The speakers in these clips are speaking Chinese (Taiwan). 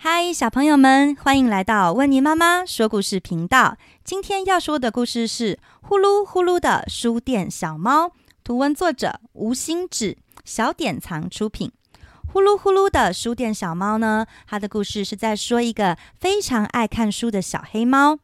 嗨，Hi, 小朋友們，歡迎來到溫妮媽媽說故事頻道。今天要說的故事是《呼嚕呼嚕的書店小貓》，圖文作者吳欣芷，小典藏出品。《呼嚕呼嚕的書店小貓》呢，它的故事是在說一個非常愛看書的小黑貓，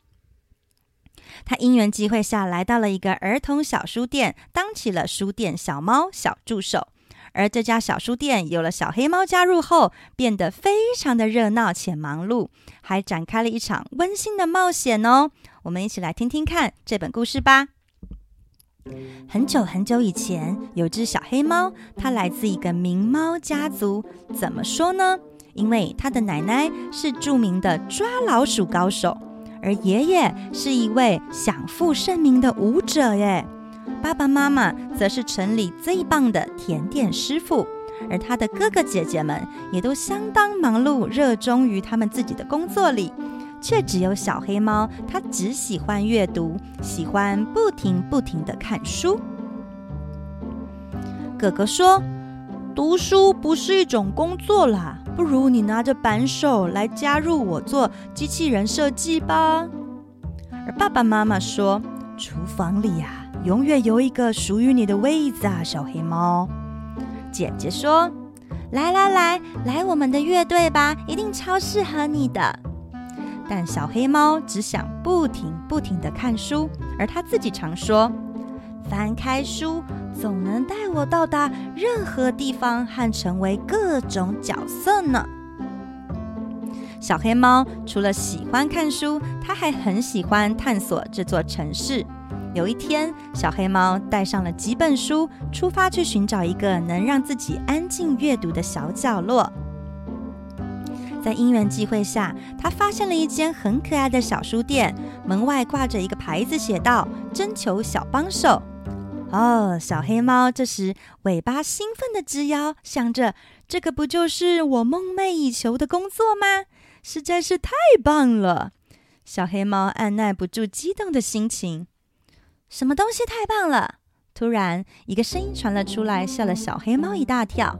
它因緣際會下來到了一個兒童小書店，當起了書店小貓小助手。而這家小書店有了小黑貓加入後，變得非常的熱鬧且忙碌，還展開了一場溫馨的冒險哦。我們一起來聽聽看這本故事吧。很久很久以前，有只小黑貓，它來自一個名貓家族。怎麼說呢？因為它的奶奶是著名的抓老鼠高手，而爺爺是一位享負盛名的舞者耶。爸爸媽媽則是城裡最棒的甜點師傅，而他的哥哥姐姐們也都相當忙碌，熱衷於他們自己的工作裡，卻只有小黑貓，它只喜歡閱讀，喜歡不停不停的看書。哥哥說：“讀書不是一種工作啦，不如你拿着扳手來加入我做機器人設計吧。”而爸爸媽媽說：“廚房裡呀、啊。”永遠有一個屬於你的位子啊，小黑貓。姐姐說：“來來來，來我們的樂隊吧，一定超適合你的。”但小黑貓只想不停不停的看書，而它自己常說：“翻開書，總能帶我到達任何地方和成為各種角色呢。”小黑貓除了喜歡看書，它還很喜歡探索這座城市。有一天，小黑貓帶上了幾本書，出發去尋找一個能讓自己安靜閱讀的小角落。在因緣際會下，他發現了一間很可愛的小書店，門外掛着一個牌子，寫道：“徵求小幫手。”哦，小黑貓這時尾巴興奮地直搖，想着：“這個不就是我夢寐以求的工作嗎？實在是太棒了！”小黑貓按捺不住激動的心情。什麼東西太棒了！突然，一個聲音傳了出來，嚇了小黑貓一大跳。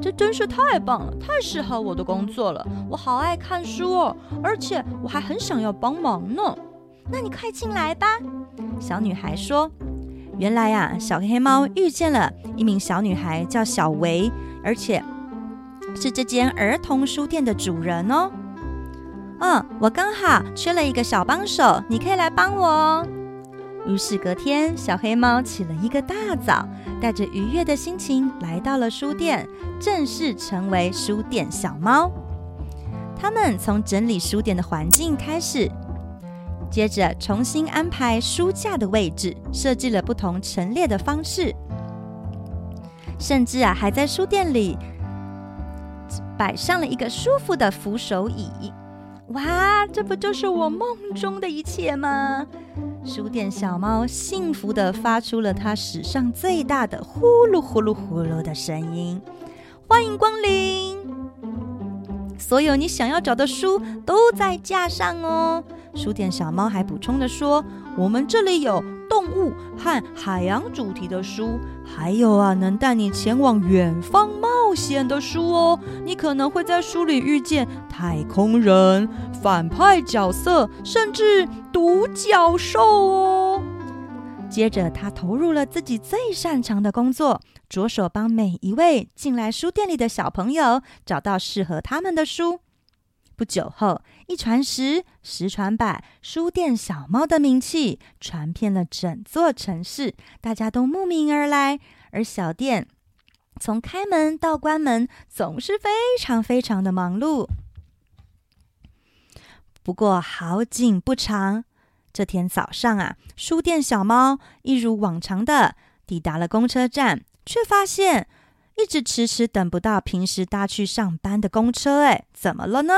這真是太棒了，太適合我的工作了。我好愛看書哦，而且我還很想要幫忙呢。那你快進來吧。”小女孩說。原來啊，小黑貓遇見了一名小女孩，叫小維，而且是這間兒童書店的主人哦。嗯，我剛好缺了一個小幫手，你可以來幫我哦。於是隔天，小黑貓起了一個大早，帶着愉悅的心情來到了書店，正式成為書店小貓。他們從整理書店的環境開始，接着重新安排書架的位置，設計了不同陳列的方式，甚至啊還在書店裡擺上了一個舒服的扶手椅。哇，這不就是我夢中的一切嗎？書店小貓幸福地發出了它史上最大的呼嚕呼嚕呼嚕的聲音。歡迎光臨，所有你想要找的書都在架上哦。書店小貓還補充地說：“我們這裡有。”動物和海洋主題的書，還有啊，能帶你前往遠方冒險的書哦。你可能會在書裡遇見太空人、反派角色，甚至獨角獸哦。接着，他投入了自己最擅長的工作，着手幫每一位進來書店裡的小朋友找到適合他們的書。不久後。一傳十，十傳百，書店小貓的名氣傳遍了整座城市，大家都慕名而來。而小店從開門到關門，總是非常非常的忙碌。不過好景不長，這天早上啊，書店小貓一如往常的抵達了公車站，卻發現一直遲遲等不到平時搭去上班的公車。誒，怎麼了呢？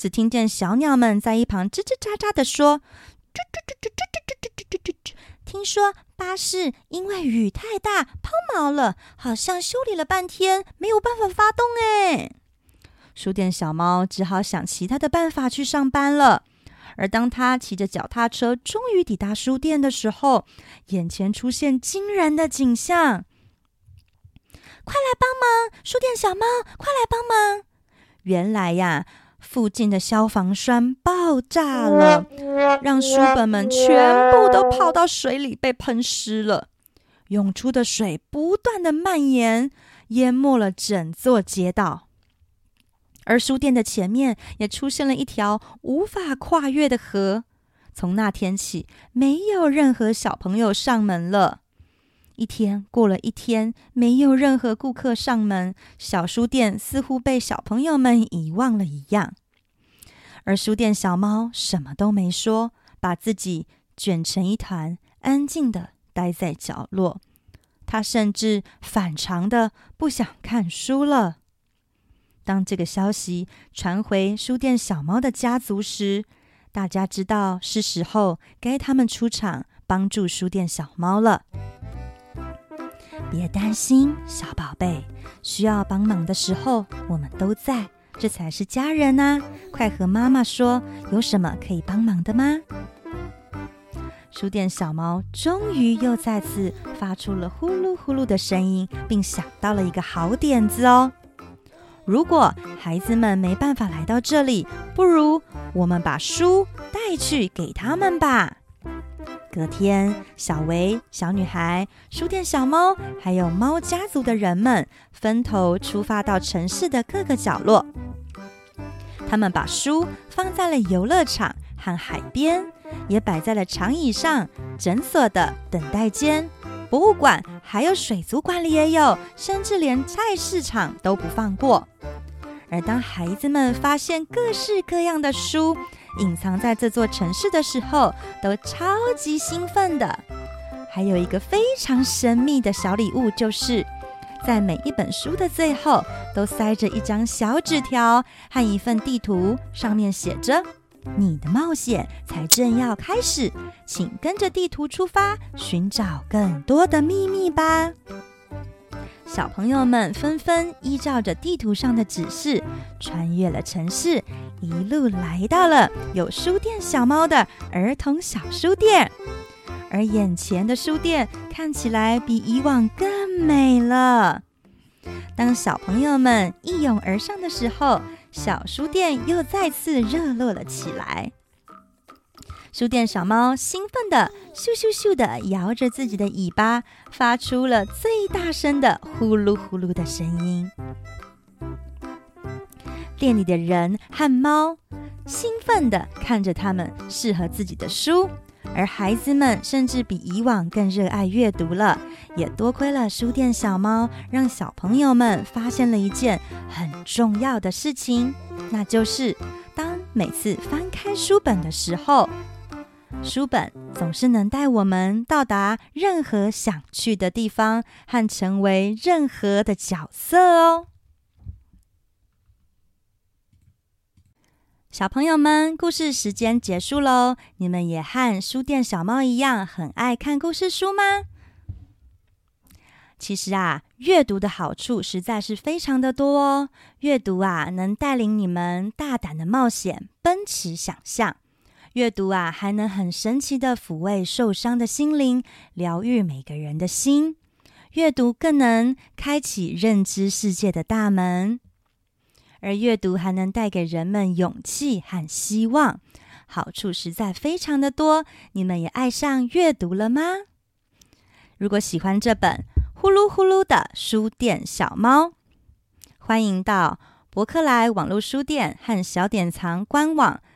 只聽見小鳥們在一旁吱吱喳喳的說：「吱吱吱吱吱吱吱吱吱！」聽說巴士因為雨太大拋錨了，好像修理了半天沒有辦法發動。哎，書店小貓只好想其他的辦法去上班了。而當他騎着腳踏車終於抵達書店的時候，眼前出現驚人的景象！快來幫忙，書店小貓，快來幫忙！原來呀。附近的消防栓爆炸了，讓書本們全部都泡到水裡，被噴濕了。湧出的水不斷的蔓延，淹沒了整座街道。而書店的前面也出現了一條無法跨越的河。從那天起，沒有任何小朋友上門了。一天過了一天，沒有任何顧客上門，小書店似乎被小朋友們遺忘了一樣。而書店小貓什麼都沒說，把自己捲成一團，安靜地待在角落。他甚至反常的不想看書了。當這個消息傳回書店小貓的家族時，大家知道是時候該他們出場幫助書店小貓了。別擔心，小寶貝，需要幫忙的時候我們都在，這才是家人吶，啊！快和媽媽說，有什麼可以幫忙的嗎？書店小貓終於又再次發出了呼嚕呼嚕的聲音，並想到了一個好點子哦！如果孩子們沒辦法來到這裡，不如我們把書帶去給他們吧。隔天，小維、小女孩、書店小貓，還有貓家族的人們，分頭出發到城市的各個角落。他們把書放在了遊樂場和海邊，也擺在了長椅上、診所的等待間、博物館，還有水族館裡也有，甚至連菜市場都不放過。而當孩子們發現各式各樣的書隱藏在這座城市的時候，都超級興奮的。還有一個非常神秘的小禮物，就是在每一本書的最後都塞着一張小紙條和一份地圖，上面寫着：“你的冒險才正要開始，請跟着地圖出發，尋找更多的秘密吧。”小朋友們紛紛依照着地圖上的指示，穿越了城市，一路來到了有書店小貓的兒童小書店。而眼前的書店看起來比以往更美了。當小朋友們一擁而上的時候，小書店又再次熱絡了起來。書店小貓興奮地咻咻咻咻地搖着自己的尾巴，發出了最大聲的呼嚕呼嚕的聲音。店裡的人和貓興奮地看着他們適合自己的書，而孩子們甚至比以往更熱愛閱讀了。也多虧了書店小貓，讓小朋友們發現了一件很重要的事情，那就是當每次翻開書本的時候。書本總是能帶我們到達任何想去的地方，和成為任何的角色哦。小朋友們，故事時間結束嘍！你們也和書店小貓一樣，很愛看故事書嗎？其實啊，閱讀的好處實在是非常的多哦。閱讀啊，能帶領你們大膽的冒險，奔馳想象。閱讀啊，還能很神奇的撫慰受傷的心靈，療癒每個人的心。閱讀更能開啟認知世界的大門，而閱讀還能帶給人們勇氣和希望，好處實在非常的多。你們也愛上閱讀了嗎？如果喜歡這本《呼嚕呼嚕的書店小貓》，歡迎到博客來網絡書店和小典藏官網。